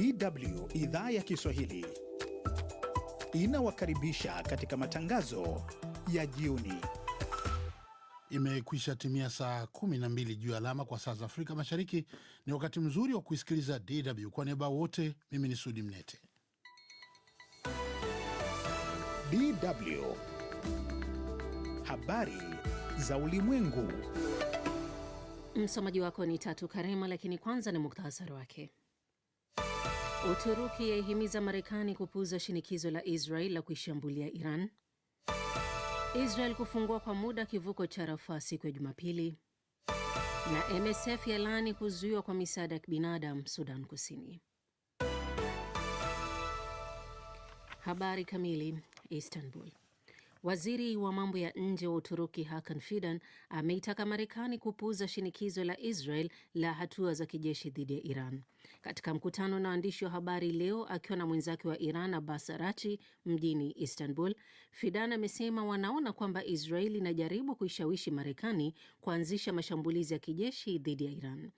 DW idhaa ya Kiswahili inawakaribisha katika matangazo ya jioni. Imekwisha timia saa 12 juu ya alama kwa saa za Afrika Mashariki. Ni wakati mzuri wa kuisikiliza DW. Kwa niaba wote, mimi ni Sudi Mnete. DW habari za ulimwengu, msomaji wako ni Tatu Karema, lakini kwanza ni muktasari wake. Uturuki yaihimiza Marekani kupuuza shinikizo la Israel la kuishambulia Iran. Israel kufungua kwa muda kivuko cha Rafah siku ya Jumapili. Na MSF yalaani kuzuiwa kwa misaada ya kibinadamu Sudan Kusini. Habari kamili. Istanbul. Waziri wa mambo ya nje wa Uturuki Hakan Fidan ameitaka Marekani kupuuza shinikizo la Israel la hatua za kijeshi dhidi ya Iran. Katika mkutano na waandishi wa habari leo akiwa na mwenzake wa Iran Abbas Arachi mjini Istanbul, Fidan amesema wanaona kwamba Israel inajaribu kuishawishi Marekani kuanzisha mashambulizi ya kijeshi dhidi ya Iran.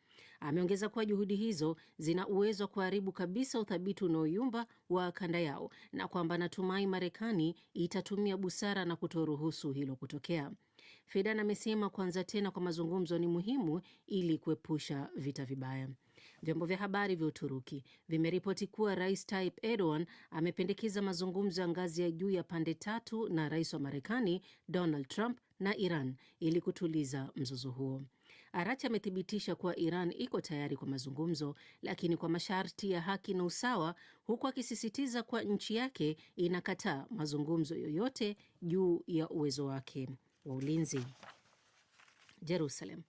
Ameongeza kuwa juhudi hizo zina uwezo wa kuharibu kabisa uthabiti unaoyumba wa kanda yao na kwamba anatumai Marekani itatumia busara na kutoruhusu hilo kutokea. Fidan amesema kuanza tena kwa mazungumzo ni muhimu ili kuepusha vita vibaya. Vyombo vya habari vya Uturuki vimeripoti kuwa Rais Tayyip Erdogan amependekeza mazungumzo ya ngazi ya juu ya pande tatu na rais wa Marekani Donald Trump na Iran ili kutuliza mzozo huo. Arati amethibitisha kuwa Iran iko tayari kwa mazungumzo, lakini kwa masharti ya haki na usawa, huku akisisitiza kuwa nchi yake inakataa mazungumzo yoyote juu ya uwezo wake wa ulinzi. Jerusalem.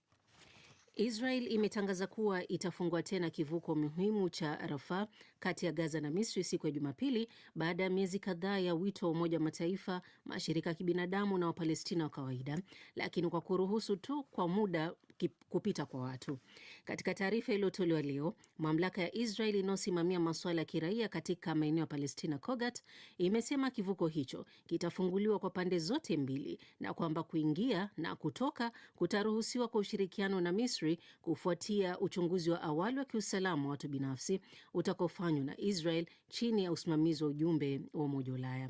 Israel imetangaza kuwa itafungua tena kivuko muhimu cha Rafa kati ya Gaza na Misri siku ya Jumapili baada ya miezi kadhaa ya wito wa Umoja wa Mataifa, mashirika ya kibinadamu na Wapalestina wa kawaida, lakini kwa kuruhusu tu kwa muda kupita kwa watu. Katika taarifa iliyotolewa leo, mamlaka ya Israel inayosimamia masuala ya kiraia katika maeneo ya Palestina, COGAT, imesema kivuko hicho kitafunguliwa kwa pande zote mbili na kwamba kuingia na kutoka kutaruhusiwa kwa ushirikiano na Misri kufuatia uchunguzi wa awali wa kiusalama wa watu binafsi utakaofanywa na Israel chini ya usimamizi wa ujumbe wa Umoja wa Ulaya.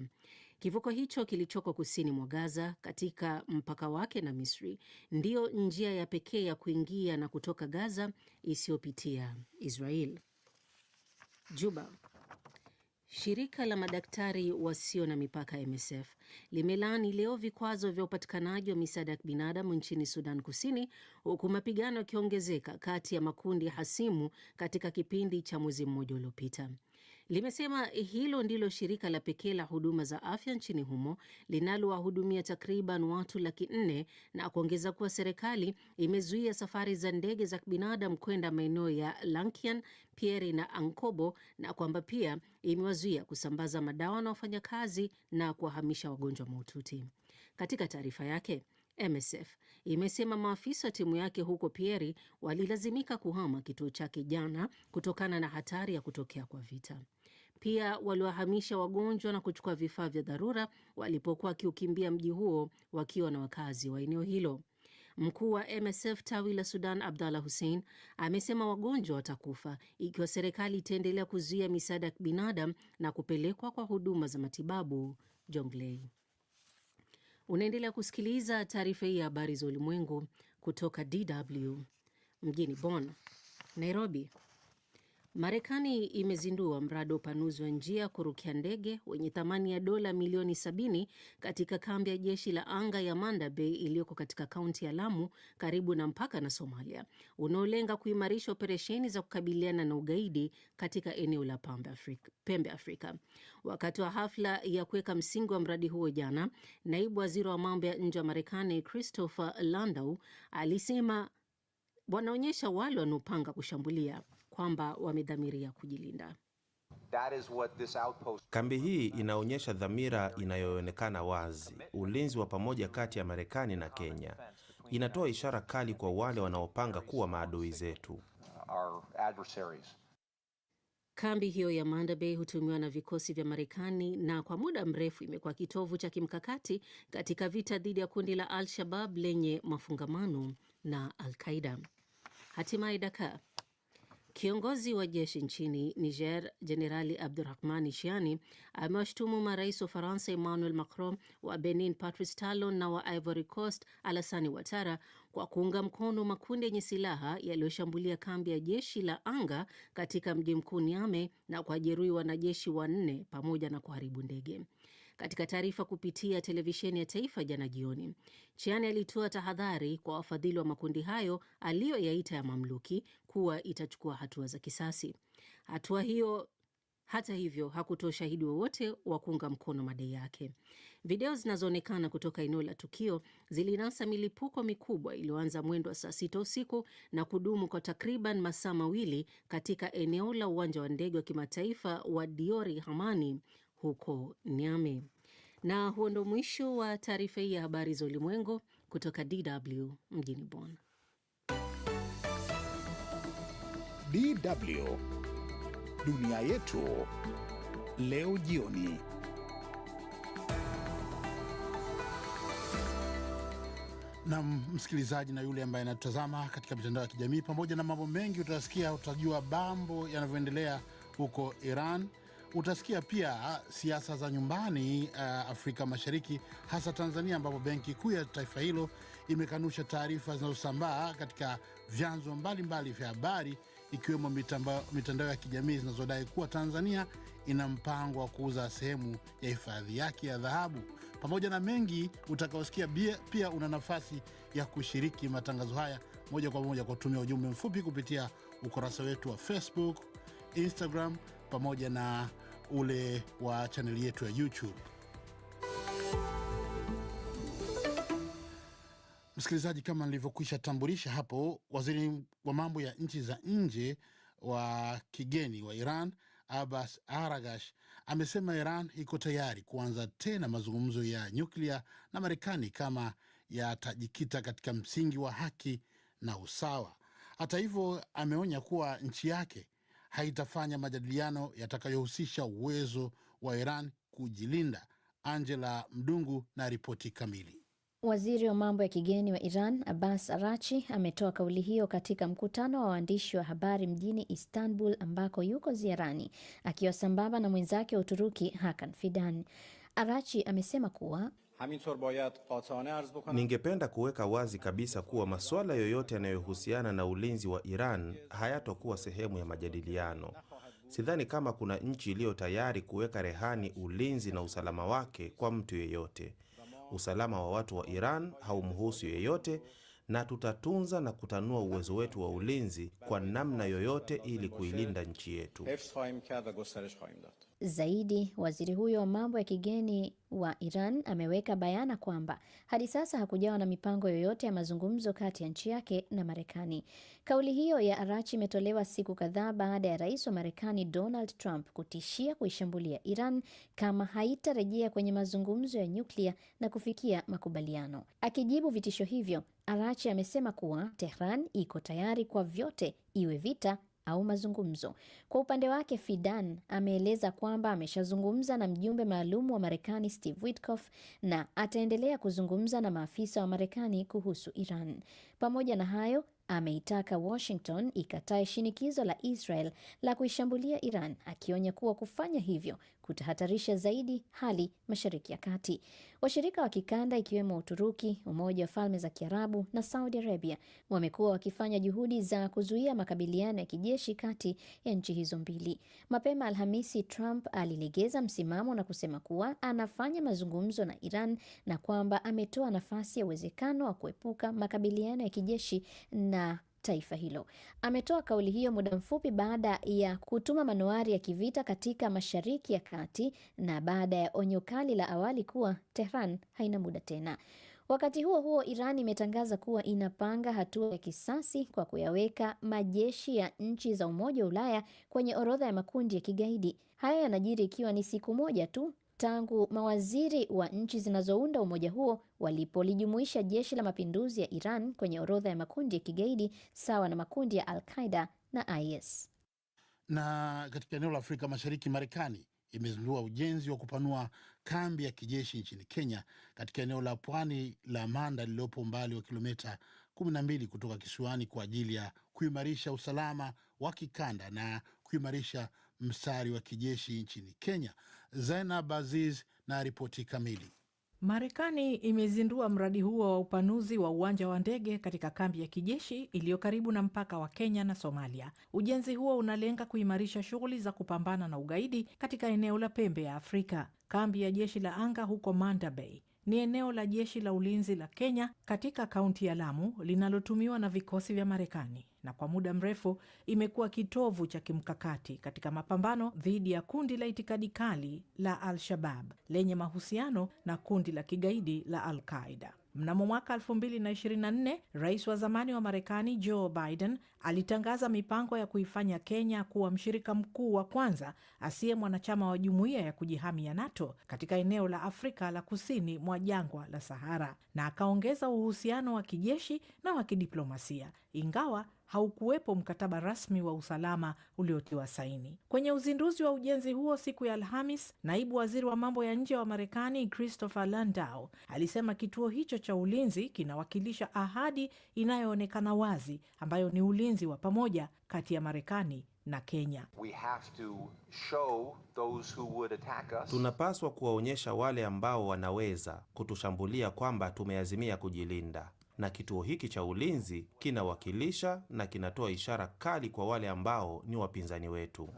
Kivuko hicho kilichoko kusini mwa Gaza katika mpaka wake na Misri ndiyo njia ya pekee ya kuingia na kutoka Gaza isiyopitia Israel. Juba. Shirika la madaktari wasio na mipaka MSF limelaani leo vikwazo vya upatikanaji wa misaada ya kibinadamu nchini Sudan Kusini, huku mapigano yakiongezeka kati ya makundi hasimu katika kipindi cha mwezi mmoja uliopita limesema hilo ndilo shirika la pekee la huduma za afya nchini humo linalowahudumia takriban watu laki nne na kuongeza kuwa serikali imezuia safari za ndege za binadamu kwenda maeneo ya Lankian, Pieri na Ankobo na kwamba pia imewazuia kusambaza madawa na wafanyakazi na kuwahamisha wagonjwa maututi Katika taarifa yake MSF imesema maafisa wa timu yake huko Pieri walilazimika kuhama kituo chake jana kutokana na hatari ya kutokea kwa vita. Pia waliwahamisha wagonjwa na kuchukua vifaa vya dharura walipokuwa wakiukimbia mji huo wakiwa na wakazi wa eneo hilo. Mkuu wa MSF tawi la Sudan, Abdallah Hussein, amesema wagonjwa watakufa ikiwa serikali itaendelea kuzuia misaada ya kibinadamu na kupelekwa kwa huduma za matibabu Jonglei. Unaendelea kusikiliza taarifa hii ya habari za ulimwengu kutoka DW mjini Bonn. Nairobi, Marekani imezindua mradi wa upanuzi wa njia kurukia ndege wenye thamani ya dola milioni sabini katika kambi ya jeshi la anga ya Manda Bay iliyoko katika kaunti ya Lamu karibu na mpaka na Somalia, unaolenga kuimarisha operesheni za kukabiliana na ugaidi katika eneo la Pembe Afrika. Wakati wa hafla ya kuweka msingi wa mradi huo jana, naibu waziri wa mambo ya nje wa Marekani Christopher Landau alisema wanaonyesha wale wanaopanga kushambulia kwamba wamedhamiria kujilinda. Kambi hii inaonyesha dhamira inayoonekana wazi, ulinzi wa pamoja kati ya Marekani na Kenya. Inatoa ishara kali kwa wale wanaopanga kuwa maadui zetu. Kambi hiyo ya Manda Bay hutumiwa na vikosi vya Marekani na kwa muda mrefu imekuwa kitovu cha kimkakati katika vita dhidi ya kundi la Al-Shabab lenye mafungamano na Al-Qaida. Hatimaye Dakar Kiongozi wa jeshi nchini Niger, Jenerali Abdurahmani shiani amewashutumu marais wa Faransa Emmanuel Macron, wa Benin Patrice Talon na wa Ivory Coast Alassani watara kwa kuunga mkono makundi yenye silaha yaliyoshambulia kambi ya jeshi la anga katika mji mkuu Niamey na kuwajeruhi wanajeshi wanne pamoja na kuharibu ndege. Katika taarifa kupitia televisheni ya taifa jana jioni, Chiani alitoa tahadhari kwa wafadhili wa makundi hayo aliyoyaita ya mamluki kuwa itachukua hatua za kisasi. Hatua hiyo hata hivyo hakutoa ushahidi wowote wa kuunga mkono madai yake. Video zinazoonekana kutoka eneo la tukio zilinasa milipuko mikubwa iliyoanza mwendo wa saa sita usiku na kudumu kwa takriban masaa mawili katika eneo la uwanja wa ndege wa kimataifa wa Diori Hamani huko Niamey. Na huo ndo mwisho wa taarifa hii ya habari za ulimwengu kutoka DW mjini Bonn. DW dunia yetu leo jioni. Nam msikilizaji na yule ambaye anatutazama katika mitandao ya kijamii, pamoja na mambo mengi utasikia, utajua mambo yanavyoendelea huko Iran Utasikia pia ah, siasa za nyumbani uh, Afrika Mashariki, hasa Tanzania, ambapo benki kuu ya taifa hilo imekanusha taarifa zinazosambaa katika vyanzo mbalimbali vya habari ikiwemo mitandao ya kijamii zinazodai kuwa Tanzania ina mpango wa kuuza sehemu ya hifadhi yake ya dhahabu. Pamoja na mengi utakaosikia, pia una nafasi ya kushiriki matangazo haya moja kwa moja kwa kutumia ujumbe mfupi kupitia ukurasa wetu wa Facebook, Instagram pamoja na ule wa chaneli yetu ya YouTube. Msikilizaji, kama nilivyokwisha tambulisha hapo, waziri wa mambo ya nchi za nje wa kigeni wa Iran Abbas Aragash amesema Iran iko tayari kuanza tena mazungumzo ya nyuklia na Marekani kama yatajikita katika msingi wa haki na usawa. Hata hivyo, ameonya kuwa nchi yake haitafanya majadiliano yatakayohusisha uwezo wa Iran kujilinda. Angela Mdungu na ripoti kamili. Waziri wa mambo ya kigeni wa Iran Abbas Arachi ametoa kauli hiyo katika mkutano wa waandishi wa habari mjini Istanbul ambako yuko ziarani akiwa sambamba na mwenzake wa Uturuki Hakan Fidan. Arachi amesema kuwa Ningependa kuweka wazi kabisa kuwa masuala yoyote yanayohusiana na ulinzi wa Iran hayatokuwa sehemu ya majadiliano. Sidhani kama kuna nchi iliyo tayari kuweka rehani ulinzi na usalama wake kwa mtu yeyote. Usalama wa watu wa Iran haumhusu yeyote na tutatunza na kutanua uwezo wetu wa ulinzi kwa namna yoyote ili kuilinda nchi yetu. Zaidi, waziri huyo wa mambo ya kigeni wa Iran ameweka bayana kwamba hadi sasa hakujawa na mipango yoyote ya mazungumzo kati ya nchi yake na Marekani. Kauli hiyo ya Arachi imetolewa siku kadhaa baada ya rais wa Marekani Donald Trump kutishia kuishambulia Iran kama haitarejea kwenye mazungumzo ya nyuklia na kufikia makubaliano. Akijibu vitisho hivyo, Arachi amesema kuwa Tehran iko tayari kwa vyote, iwe vita au mazungumzo. Kwa upande wake, Fidan ameeleza kwamba ameshazungumza na mjumbe maalum wa Marekani Steve Witkoff na ataendelea kuzungumza na maafisa wa Marekani kuhusu Iran. Pamoja na hayo, ameitaka Washington ikatae shinikizo la Israel la kuishambulia Iran, akionya kuwa kufanya hivyo kutahatarisha zaidi hali Mashariki ya Kati. Washirika wa kikanda ikiwemo Uturuki, Umoja wa Falme za Kiarabu na Saudi Arabia wamekuwa wakifanya juhudi za kuzuia makabiliano ya kijeshi kati ya nchi hizo mbili. Mapema Alhamisi, Trump alilegeza msimamo na kusema kuwa anafanya mazungumzo na Iran na kwamba ametoa nafasi ya uwezekano wa kuepuka makabiliano ya kijeshi na taifa hilo. Ametoa kauli hiyo muda mfupi baada ya kutuma manuari ya kivita katika Mashariki ya Kati na baada ya onyo kali la awali kuwa Tehran haina muda tena. Wakati huo huo, Iran imetangaza kuwa inapanga hatua ya kisasi kwa kuyaweka majeshi ya nchi za Umoja wa Ulaya kwenye orodha ya makundi ya kigaidi. Hayo yanajiri ikiwa ni siku moja tu tangu mawaziri wa nchi zinazounda umoja huo walipolijumuisha jeshi la mapinduzi ya Iran kwenye orodha ya makundi ya kigaidi sawa na makundi ya Al-Qaeda na IS. Na katika eneo la Afrika Mashariki, Marekani imezindua ujenzi wa kupanua kambi ya kijeshi nchini Kenya katika eneo la pwani la Manda lililopo umbali wa kilomita 12 kutoka kisiwani kwa ajili ya kuimarisha usalama wa kikanda na kuimarisha mstari wa kijeshi nchini Kenya. Zainab Aziz na ripoti kamili. Marekani imezindua mradi huo wa upanuzi wa uwanja wa ndege katika kambi ya kijeshi iliyo karibu na mpaka wa Kenya na Somalia. Ujenzi huo unalenga kuimarisha shughuli za kupambana na ugaidi katika eneo la pembe ya Afrika. Kambi ya jeshi la anga huko Manda Bay ni eneo la jeshi la ulinzi la Kenya katika kaunti ya Lamu linalotumiwa na vikosi vya Marekani na kwa muda mrefu imekuwa kitovu cha kimkakati katika mapambano dhidi ya kundi la itikadi kali la Al-Shabab lenye mahusiano na kundi la kigaidi la Al-Qaida. Mnamo mwaka 2024 rais wa zamani wa Marekani Joe Biden alitangaza mipango ya kuifanya Kenya kuwa mshirika mkuu wa kwanza asiye mwanachama wa jumuiya ya kujihami ya NATO katika eneo la Afrika la kusini mwa jangwa la Sahara, na akaongeza uhusiano wa kijeshi na wa kidiplomasia, ingawa haukuwepo mkataba rasmi wa usalama uliotiwa saini. Kwenye uzinduzi wa ujenzi huo siku ya Alhamis, naibu waziri wa mambo ya nje wa Marekani Christopher Landau alisema kituo hicho cha ulinzi kinawakilisha ahadi inayoonekana wazi ambayo ni ulinzi wa pamoja kati ya Marekani na Kenya. We have to show those who would attack us. Tunapaswa kuwaonyesha wale ambao wanaweza kutushambulia kwamba tumeazimia kujilinda na kituo hiki cha ulinzi kinawakilisha na kinatoa ishara kali kwa wale ambao ni wapinzani wetu.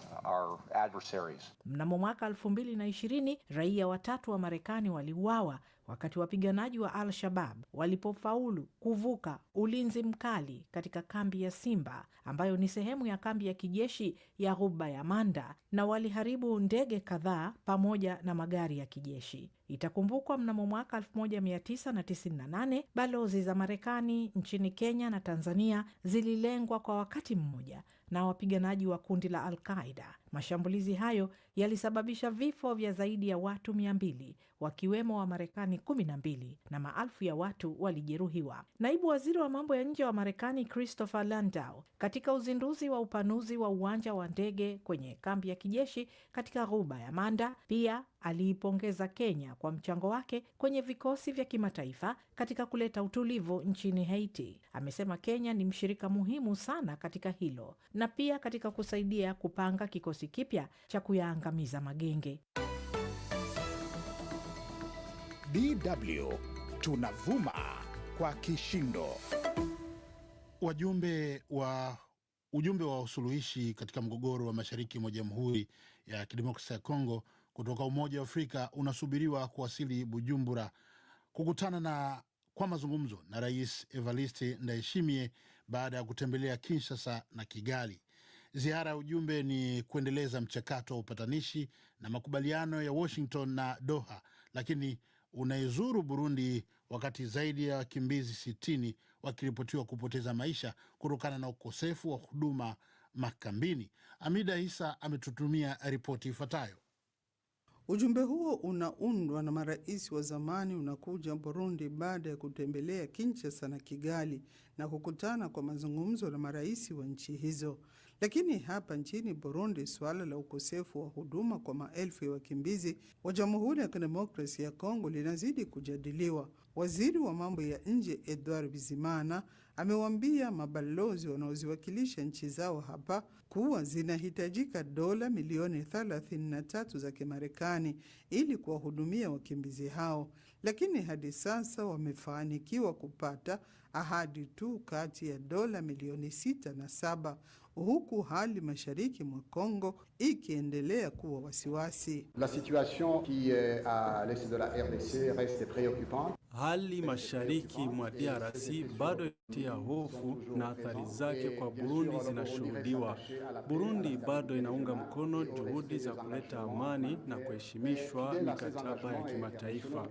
Mnamo mwaka 2020 raia watatu wa Marekani waliuawa wakati wapiganaji wa Al-Shabab walipofaulu kuvuka ulinzi mkali katika kambi ya Simba ambayo ni sehemu ya kambi ya kijeshi ya Ghuba ya Manda, na waliharibu ndege kadhaa pamoja na magari ya kijeshi. Itakumbukwa mnamo mwaka 1998 balozi za Marekani nchini Kenya na Tanzania zililengwa kwa wakati mmoja na wapiganaji wa kundi la alqaida Mashambulizi hayo yalisababisha vifo vya zaidi ya watu mia mbili wakiwemo wa Marekani kumi na mbili na maelfu ya watu walijeruhiwa. Naibu waziri wa mambo ya nje wa Marekani Christopher Landau, katika uzinduzi wa upanuzi wa uwanja wa ndege kwenye kambi ya kijeshi katika ghuba ya Manda, pia aliipongeza Kenya kwa mchango wake kwenye vikosi vya kimataifa katika kuleta utulivu nchini Haiti. Amesema Kenya ni mshirika muhimu sana katika hilo na na pia katika kusaidia kupanga kikosi kipya cha kuyaangamiza magenge. DW tunavuma kwa kishindo. Wajumbe wa ujumbe wa usuluhishi katika mgogoro wa mashariki mwa Jamhuri ya Kidemokrasia ya Kongo kutoka Umoja wa Afrika unasubiriwa kuwasili Bujumbura kukutana na kwa mazungumzo na Rais Evariste Ndayishimiye baada ya kutembelea Kinshasa na Kigali. Ziara ya ujumbe ni kuendeleza mchakato wa upatanishi na makubaliano ya Washington na Doha, lakini unaizuru Burundi wakati zaidi ya wakimbizi sitini wakiripotiwa kupoteza maisha kutokana na ukosefu wa huduma makambini. Amida Isa ametutumia ripoti ifuatayo. Ujumbe huo unaundwa na marais wa zamani unakuja Burundi baada ya kutembelea Kinshasa na Kigali na kukutana kwa mazungumzo na marais wa nchi hizo. Lakini hapa nchini Burundi, suala la ukosefu wa huduma kwa maelfu ya wakimbizi wa Jamhuri ya Kidemokrasia ya Kongo linazidi kujadiliwa. Waziri wa mambo ya nje Edward Bizimana Amewaambia mabalozi wanaoziwakilisha nchi zao hapa kuwa zinahitajika dola milioni 33 za Kimarekani ili kuwahudumia wakimbizi hao, lakini hadi sasa wamefanikiwa kupata ahadi tu kati ya dola milioni 6 na 7b huku hali mashariki mwa Kongo ikiendelea kuwa wasiwasi. La situation qui est à l'est de la RDC reste préoccupante. Hali mashariki mwa DRC bado tia hofu na athari zake kwa Burundi zinashuhudiwa. Burundi bado inaunga mkono juhudi za kuleta amani na kuheshimishwa mikataba ya kimataifa.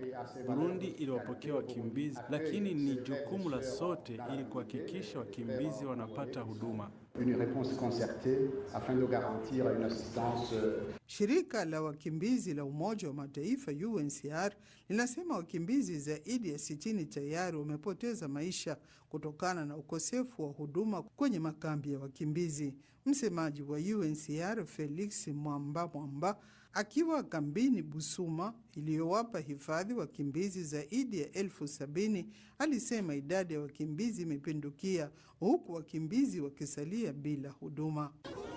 Burundi iliwapokea wakimbizi, lakini ni jukumu la sote ili kuhakikisha wakimbizi wanapata huduma une réponse concertée afin de garantir une assistance. Euh, Shirika la wakimbizi la Umoja wa Mataifa UNHCR linasema wakimbizi zaidi ya 60 tayari wamepoteza maisha kutokana na ukosefu wa huduma kwenye makambi ya wakimbizi. Msemaji wa uncr Felix Mwamba Mwamba akiwa kambini Busuma iliyowapa hifadhi wakimbizi zaidi ya elfu sabini alisema idadi ya wakimbizi imepindukia huku wakimbizi wakisalia bila huduma.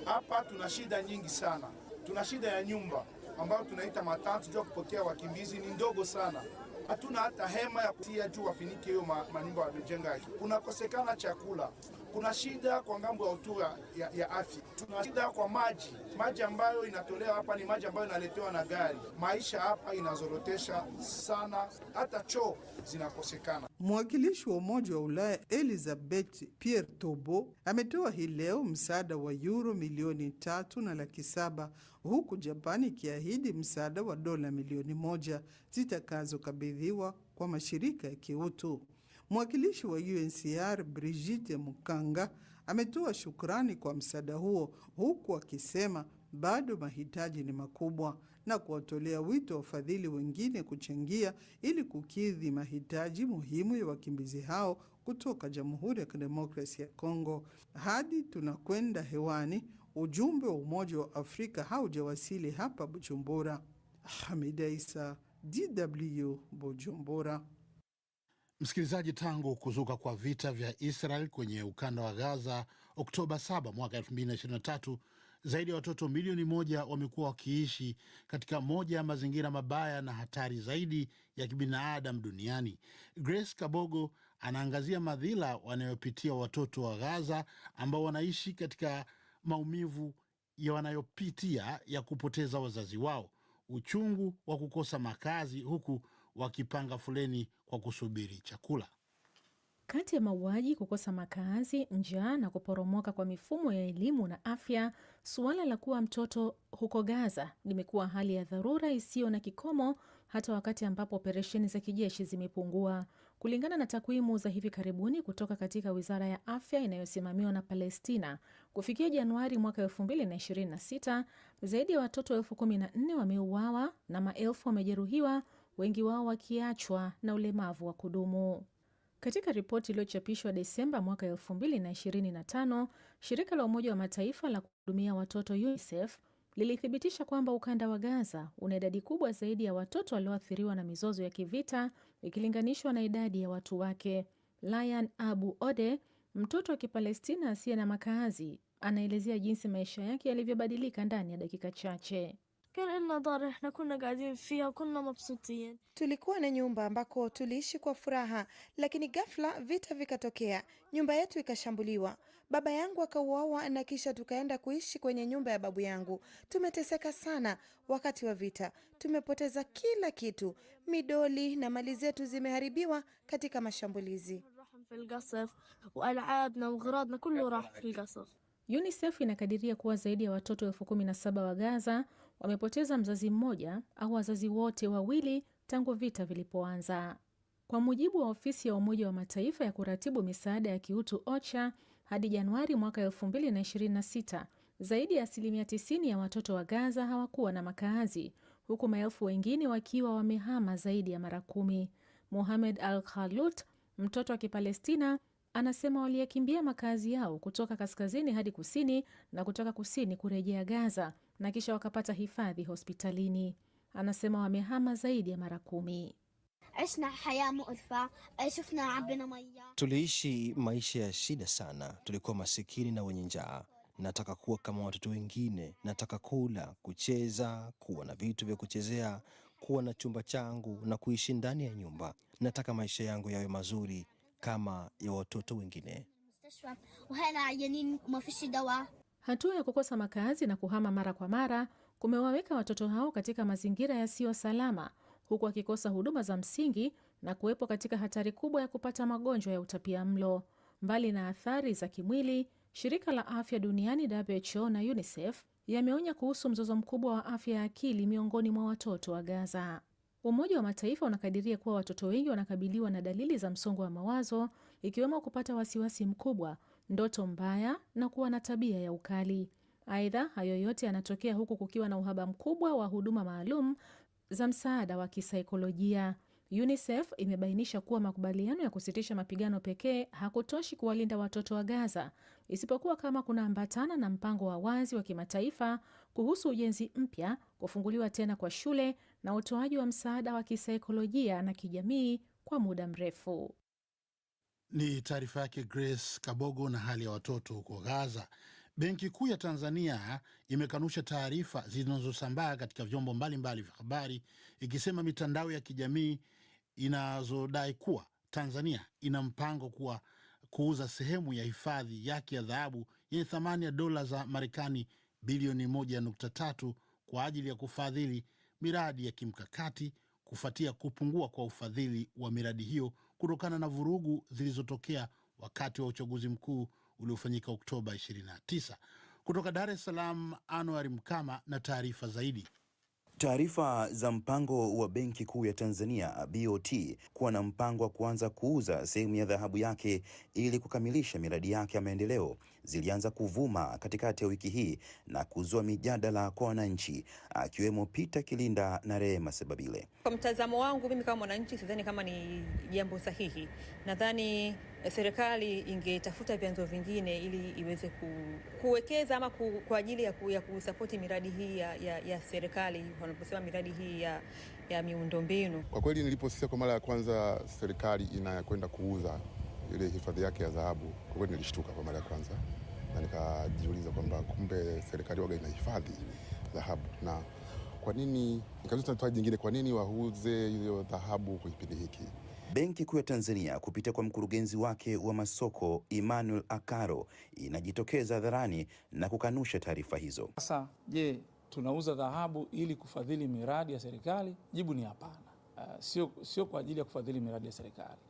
Hapa tuna shida nyingi sana, tuna shida ya nyumba ambayo tunaita matatu juu ya kupokea wakimbizi ni ndogo sana. Hatuna hata hema ya kutia juu wafinike hiyo manyumba wamejenga. Kunakosekana chakula kuna shida kwa ngambo ya utura ya, ya afya. Tuna shida kwa maji, maji ambayo inatolewa hapa ni maji ambayo inaletewa na gari. Maisha hapa inazorotesha sana, hata choo zinakosekana. Mwakilishi wa Umoja wa Ulaya Elizabeth Pierre Tobo ametoa hii leo msaada wa euro milioni tatu na laki saba huku Japani ikiahidi msaada wa dola milioni moja zitakazokabidhiwa kwa mashirika ya kiutu. Mwakilishi wa UNHCR Brigitte Mukanga ametoa shukrani kwa msaada huo huku akisema bado mahitaji ni makubwa na kuwatolea wito wafadhili wengine kuchangia ili kukidhi mahitaji muhimu ya wakimbizi hao kutoka Jamhuri ya Kidemokrasia ya Kongo. Hadi tunakwenda hewani, ujumbe wa Umoja wa Afrika haujawasili hapa Bujumbura. Hamida Isa, DW, Bujumbura. Msikilizaji, tangu kuzuka kwa vita vya Israel kwenye ukanda wa Gaza Oktoba 7 mwaka 2023, zaidi ya watoto milioni moja wamekuwa wakiishi katika moja ya mazingira mabaya na hatari zaidi ya kibinadamu duniani. Grace Kabogo anaangazia madhila wanayopitia watoto wa Gaza ambao wanaishi katika maumivu ya wanayopitia ya kupoteza wazazi wao, uchungu wa kukosa makazi, huku wakipanga foleni kwa kusubiri chakula. Kati ya mauaji, kukosa makazi, njaa na kuporomoka kwa mifumo ya elimu na afya, suala la kuwa mtoto huko Gaza limekuwa hali ya dharura isiyo na kikomo, hata wakati ambapo operesheni za kijeshi zimepungua. Kulingana na takwimu za hivi karibuni kutoka katika wizara ya afya inayosimamiwa na Palestina, kufikia Januari mwaka 2026 zaidi ya watoto elfu wameuawa na maelfu wamejeruhiwa wengi wao wakiachwa na ulemavu wa kudumu. Katika ripoti iliyochapishwa Desemba mwaka elfu mbili na ishirini na tano, shirika la Umoja wa Mataifa la kuhudumia watoto UNICEF lilithibitisha kwamba ukanda wa Gaza una idadi kubwa zaidi ya watoto walioathiriwa na mizozo ya kivita ikilinganishwa na idadi ya watu wake. lyan Abu Ode, mtoto wa Kipalestina asiye na makazi, anaelezea jinsi maisha yake yalivyobadilika ndani ya dakika chache. كان لنا دار احنا كنا قاعدين فيها وكنا مبسوطين. Tulikuwa na nyumba ambako tuliishi kwa furaha, lakini ghafla vita vikatokea, nyumba yetu ikashambuliwa, baba yangu akauawa, na kisha tukaenda kuishi kwenye nyumba ya babu yangu. Tumeteseka sana wakati wa vita, tumepoteza kila kitu, midoli na mali zetu zimeharibiwa katika mashambulizi. UNICEF inakadiria kuwa zaidi ya watoto elfu kumi na saba wa Gaza wamepoteza mzazi mmoja au wazazi wote wawili tangu vita vilipoanza. Kwa mujibu wa ofisi ya Umoja wa Mataifa ya kuratibu misaada ya kiutu OCHA, hadi Januari mwaka 2026 zaidi ya asilimia 90 ya watoto wa Gaza hawakuwa na makazi, huku maelfu wengine wakiwa wamehama zaidi ya mara kumi. Mohamed Al Khalut, mtoto wa Kipalestina anasema waliyakimbia makazi yao kutoka kaskazini hadi kusini na kutoka kusini kurejea Gaza na kisha wakapata hifadhi hospitalini. Anasema wamehama zaidi ya mara kumi. Tuliishi maisha ya shida sana, tulikuwa masikini na wenye njaa. Nataka kuwa kama watoto wengine, nataka kula, kucheza, kuwa na vitu vya kuchezea, kuwa na chumba changu na kuishi ndani ya nyumba. Nataka maisha yangu yawe mazuri kama ya watoto wengine. Hatua ya kukosa makazi na kuhama mara kwa mara kumewaweka watoto hao katika mazingira yasiyo salama, huku wakikosa huduma za msingi na kuwepo katika hatari kubwa ya kupata magonjwa ya utapia mlo Mbali na athari za kimwili, shirika la afya duniani WHO na UNICEF yameonya kuhusu mzozo mkubwa wa afya ya akili miongoni mwa watoto wa Gaza. Umoja wa Mataifa unakadiria kuwa watoto wengi wanakabiliwa na dalili za msongo wa mawazo ikiwemo kupata wasiwasi mkubwa, ndoto mbaya na kuwa na tabia ya ukali. Aidha, hayo yote yanatokea huku kukiwa na uhaba mkubwa wa huduma maalum za msaada wa kisaikolojia. UNICEF imebainisha kuwa makubaliano ya kusitisha mapigano pekee hakutoshi kuwalinda watoto wa Gaza, isipokuwa kama kunaambatana na mpango wa wazi wa kimataifa kuhusu ujenzi mpya, kufunguliwa tena kwa shule na utoaji wa msaada wa kisaikolojia na kijamii kwa muda mrefu. Ni taarifa yake Grace Kabogo. Na hali ya watoto huko Gaza, Benki Kuu ya Tanzania imekanusha taarifa zinazosambaa katika vyombo mbalimbali vya habari ikisema mitandao ya kijamii inazodai kuwa Tanzania ina mpango kuwa kuuza sehemu ya hifadhi yake ya dhahabu yenye thamani ya dola za Marekani bilioni 1.3 kwa ajili ya kufadhili miradi ya kimkakati kufuatia kupungua kwa ufadhili wa miradi hiyo kutokana na vurugu zilizotokea wakati wa uchaguzi mkuu uliofanyika Oktoba 29. Kutoka Dar es Salaam, Anuari Mkama na taarifa zaidi. Taarifa za mpango wa Benki Kuu ya Tanzania BOT kuwa na mpango wa kuanza kuuza sehemu ya dhahabu yake ili kukamilisha miradi yake ya maendeleo zilianza kuvuma katikati ya wiki hii na kuzua mijadala kwa wananchi, akiwemo Peter Kilinda na Rehema Sebabile. Kwa mtazamo wangu mimi kama mwananchi, sidhani kama ni jambo sahihi. Nadhani serikali ingetafuta vyanzo vingine ili iweze ku, kuwekeza ama ku, kwa ajili ya, ku, ya kusapoti miradi hii ya, ya, ya serikali wanaposema miradi hii ya, ya miundombinu. Kwa kweli niliposikia kwa mara ya kwanza serikali inakwenda kuuza ile hifadhi yake ya dhahabu, kwa kweli nilishtuka kwa mara ya kwanza na nikajiuliza kwamba kumbe serikali waga ina hifadhi dhahabu na kwa nini, nikajuta swali jingine, kwa nini wauze hiyo dhahabu kwa kipindi hiki? Benki Kuu ya Tanzania kupitia kwa mkurugenzi wake wa masoko Emmanuel Akaro inajitokeza hadharani na kukanusha taarifa hizo. Sasa je, tunauza dhahabu ili kufadhili miradi ya serikali? Jibu ni hapana. Uh, sio, sio kwa ajili ya kufadhili miradi ya serikali.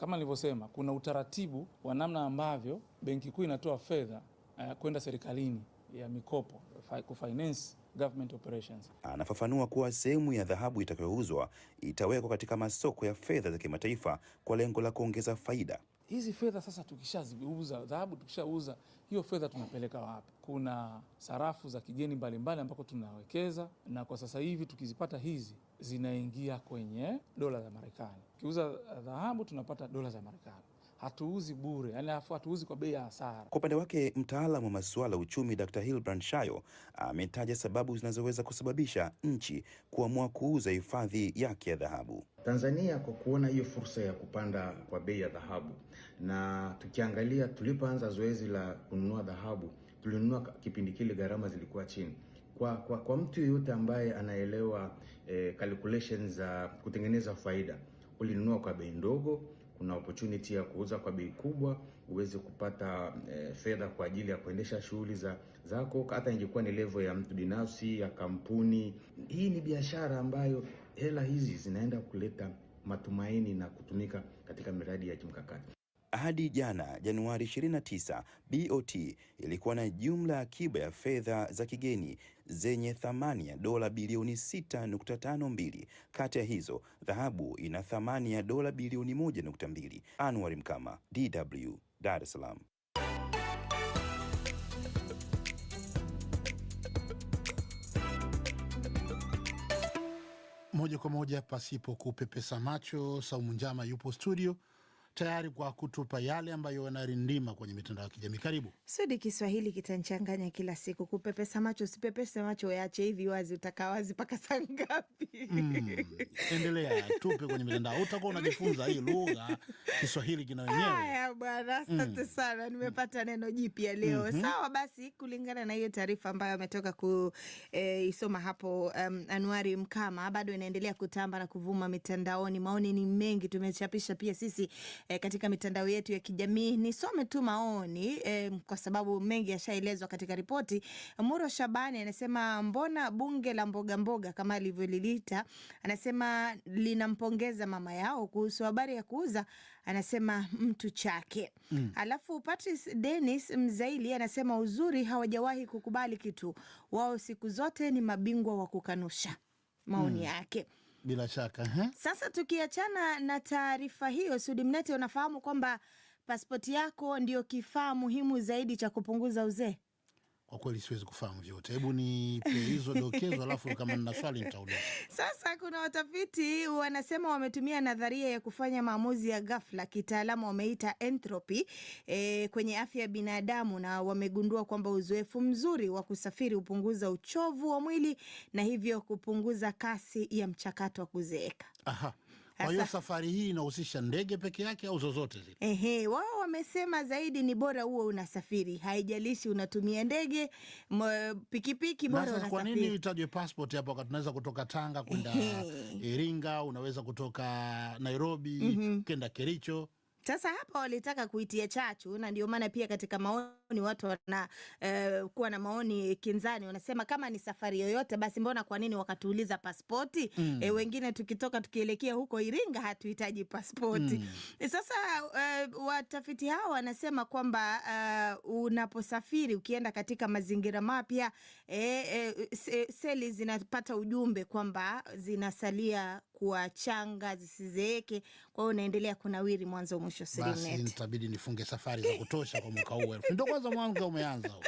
Kama nilivyosema, kuna utaratibu wa namna ambavyo benki kuu inatoa fedha uh, kwenda serikalini ya mikopo kufinance government operations. Anafafanua kuwa sehemu ya dhahabu itakayouzwa itawekwa katika masoko ya fedha za kimataifa kwa lengo la kuongeza faida. Hizi fedha sasa, tukishaziuza dhahabu, tukishauza hiyo fedha tunapeleka wapi? Kuna sarafu za kigeni mbalimbali ambako tunawekeza, na kwa sasa hivi tukizipata hizi zinaingia kwenye dola za Marekani. Ukiuza dhahabu tunapata dola za Marekani hatuuzi bure, yani hatuuzi kwa bei ya hasara. Kwa upande wake mtaalam wa masuala uchumi Dr. Hilbrand Shayo ametaja sababu zinazoweza kusababisha nchi kuamua kuuza hifadhi yake ya dhahabu. Tanzania kwa kuona hiyo fursa ya kupanda kwa bei ya dhahabu, na tukiangalia tulipoanza zoezi la kununua dhahabu, tulinunua kipindi kile gharama zilikuwa chini. Kwa, kwa, kwa mtu yeyote ambaye anaelewa eh, calculations za kutengeneza faida, ulinunua kwa bei ndogo kuna opportunity ya kuuza kwa bei kubwa, uweze kupata e, fedha kwa ajili ya kuendesha shughuli za zako, hata ingekuwa ni level ya mtu binafsi, ya kampuni. Hii ni biashara ambayo hela hizi zinaenda kuleta matumaini na kutumika katika miradi ya kimkakati. Hadi jana Januari 29, BOT ilikuwa na jumla ya akiba ya fedha za kigeni zenye thamani ya dola bilioni 6.52. Kati ya hizo dhahabu ina thamani ya dola bilioni 1.2. Anwar Mkama, DW, Dar es Salaam. Moja kwa moja pasipo kupepesa macho, Saumu Njama yupo studio tayari kwa kutupa yale ambayo wanarindima kwenye mitandao ya kijamii. Karibu Sudi. Kiswahili kitanchanganya kila siku, kupepesa macho usipepese macho, yaache hivi wazi, utakaa wazi mpaka saa ngapi? Mm, endelea tupe kwenye mitandao, utakuwa unajifunza hii lugha Kiswahili kina wenyewe. Haya bwana, asante mm, sana nimepata neno jipya leo mm -hmm. Sawa basi, kulingana na hiyo taarifa ambayo ametoka kuisoma e, hapo um, Anuari Mkama, bado inaendelea kutamba na kuvuma mitandaoni, maoni ni mengi, tumechapisha pia sisi e, katika mitandao yetu ya kijamii. Nisome tu maoni e, kwa sababu mengi yashaelezwa katika ripoti. Muro Shabani anasema mbona bunge la mboga mboga kama alivyolilita, anasema linampongeza mama yao kuhusu habari ya kuuza, anasema mtu chake. Mm. Alafu Patrice Dennis Mzaili anasema uzuri hawajawahi kukubali kitu, wao siku zote ni mabingwa wa kukanusha maoni mm. yake. Bila shaka ha? Sasa tukiachana na taarifa hiyo, Sudi Mnete, unafahamu kwamba pasipoti yako ndio kifaa muhimu zaidi cha kupunguza uzee. Kwa kweli siwezi kufahamu vyote, hebu nipe hizo dokezo, alafu kama nina swali nitauliza. Sasa kuna watafiti wanasema wametumia nadharia ya kufanya maamuzi ya ghafla, kitaalamu wameita entropy, e, kwenye afya ya binadamu, na wamegundua kwamba uzoefu mzuri wa kusafiri hupunguza uchovu wa mwili na hivyo kupunguza kasi ya mchakato wa kuzeeka. Aha. Kwa hiyo safari hii inahusisha ndege peke yake au zozote zile? Ehe, wao wamesema zaidi ni bora uwe unasafiri, haijalishi unatumia ndege, pikipiki, bora unasafiri. Kwa nini itajwe passport hapo, wakati unaweza kutoka Tanga kwenda Iringa, unaweza kutoka Nairobi mm -hmm. kwenda Kericho sasa hapa walitaka kuitia chachu na ndio maana pia katika maoni watu wana eh, kuwa na maoni kinzani, wanasema kama ni safari yoyote basi mbona kwa nini wakatuuliza pasipoti? Mm. Eh, wengine tukitoka tukielekea huko Iringa hatuhitaji pasipoti. Mm. Eh, sasa eh, watafiti hao wanasema kwamba eh, unaposafiri ukienda katika mazingira mapya eh, eh, seli zinapata ujumbe kwamba zinasalia kuwa changa zisizeeke. Kwa hiyo unaendelea kunawiri mwanzo mwisho. Basi nitabidi nifunge safari za kutosha kwa mwaka huu elfu. Ndio kwanza mwanzo umeanza huu.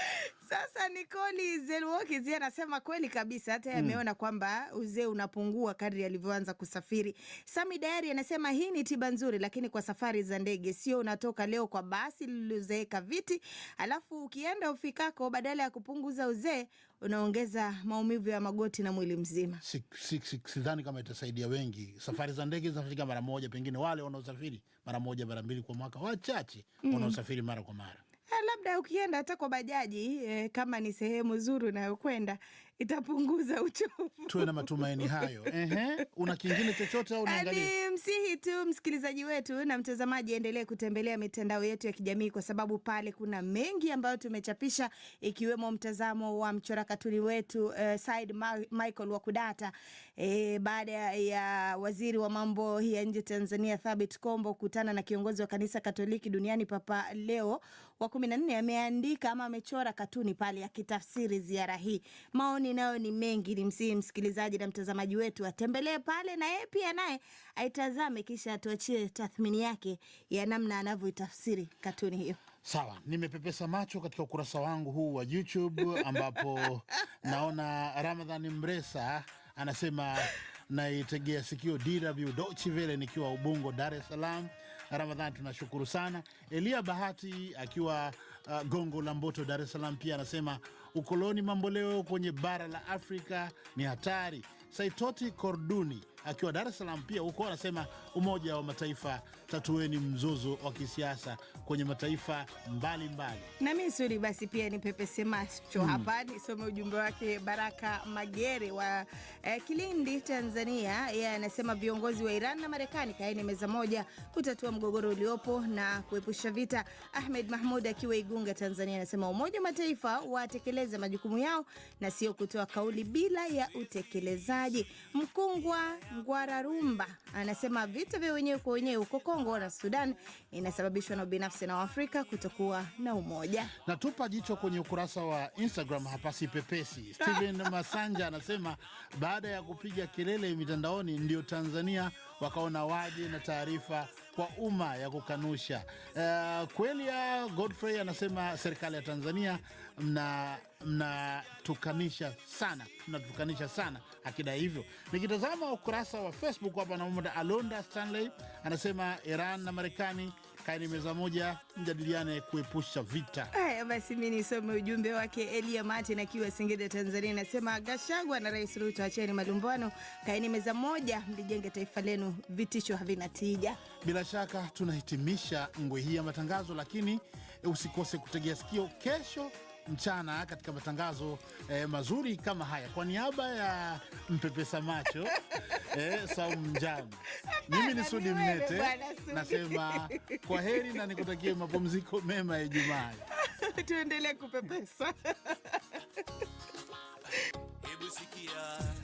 Sasa Nicole Zelwoki anasema kweli kabisa, hata yeye hmm. ameona mm, kwamba uzee unapungua kadri alivyoanza kusafiri. Sami Dayari anasema hii ni tiba nzuri, lakini kwa safari za ndege, sio unatoka leo kwa basi lililozeeka viti, alafu ukienda ufikako, badala ya kupunguza uzee unaongeza maumivu ya magoti na mwili mzima. Sidhani si, si, si, kama itasaidia wengi. Safari za ndege zinafika mara moja, pengine wale wanaosafiri mara moja mara mbili kwa mwaka, wachache hmm. wanaosafiri mara kwa mara Eh, labda ukienda hata kwa bajaji eh, kama ni sehemu nzuri unayokwenda itapunguza uchovu. Tuwe na matumaini hayo. Ehe, una kingine chochote au niangalie? Msihi tu msikilizaji wetu na mtazamaji endelee kutembelea mitandao yetu ya kijamii, kwa sababu pale kuna mengi ambayo tumechapisha, ikiwemo mtazamo wa mchora katuni wetu uh, Said Michael wa Kudata e, eh, baada ya waziri wa mambo ya nje Tanzania Thabit Kombo kukutana na kiongozi wa kanisa Katoliki duniani Papa Leo wa kumi na nne ameandika ama amechora katuni pale akitafsiri ziara hii. Maoni nayo ni mengi, ni msii msikilizaji na mtazamaji wetu atembelee pale na yeye pia naye aitazame, kisha atuachie tathmini yake ya namna anavyoitafsiri katuni hiyo. Sawa, nimepepesa macho katika ukurasa wangu huu wa YouTube ambapo naona Ramadhani Mresa anasema naitegea sikio DW Deutsche Welle nikiwa Ubungo, Dar es Salaam. Ramadhani, tunashukuru sana. Elia Bahati akiwa uh, Gongo la Mboto, Dar es Salaam, pia anasema ukoloni mamboleo kwenye bara la Afrika ni hatari. Saitoti Korduni akiwa Dar es Salaam pia huko anasema, Umoja wa Mataifa, tatueni mzozo wa kisiasa kwenye mataifa mbalimbali. Na mi basi, pia ni pepese macho mm. Hapa nisome ujumbe wake Baraka Magere wa eh, Kilindi, Tanzania. Yeye anasema viongozi wa Iran na Marekani kaeni meza moja kutatua mgogoro uliopo na kuepusha vita. Ahmed Mahmud akiwa Igunga, Tanzania anasema Umoja wa Mataifa watekeleze majukumu yao na sio kutoa kauli bila ya utekelezaji. Mkungwa Ngwararumba anasema vita vya wenyewe kwa wenyewe huko Kongo na Sudan inasababishwa na ubinafsi na Waafrika kutokuwa na umoja. Natupa jicho kwenye ukurasa wa Instagram hapa pepesi Steven Masanja anasema baada ya kupiga kelele mitandaoni ndio Tanzania wakaona waje na taarifa kwa umma ya kukanusha. Uh, kweli ya Godfrey anasema serikali ya Tanzania mnatukanisha mna sana mnatukanisha sana akida. Hivyo nikitazama ukurasa wa Facebook hapa, naona Alonda Stanley anasema Iran na Marekani kaeni meza moja mjadiliane kuepusha vita. Haya basi, mi nisome ujumbe wake. Elia Martin akiwa Singida, Tanzania, anasema Gashagwa na Rais Ruto, acheni malumbano, kaeni meza moja mlijenge taifa lenu, vitisho havina tija. Bila shaka tunahitimisha ngwe hii ya matangazo, lakini usikose kutegea sikio kesho mchana katika matangazo eh, mazuri kama haya. Kwa niaba ya mpepesa macho eh, Saumu Njama, mimi ni Sudi Mnete nasema kwa heri na nikutakie mapumziko mema ya Ijumaa. Tuendelee kupepesa. Hebu sikia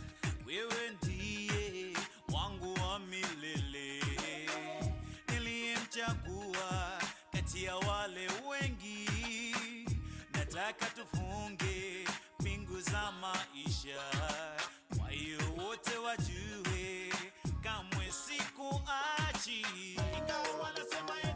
Nataka tufunge pingu za maisha, kwa hiyo wote wajue, kamwe sikuachi, ingawa wanasema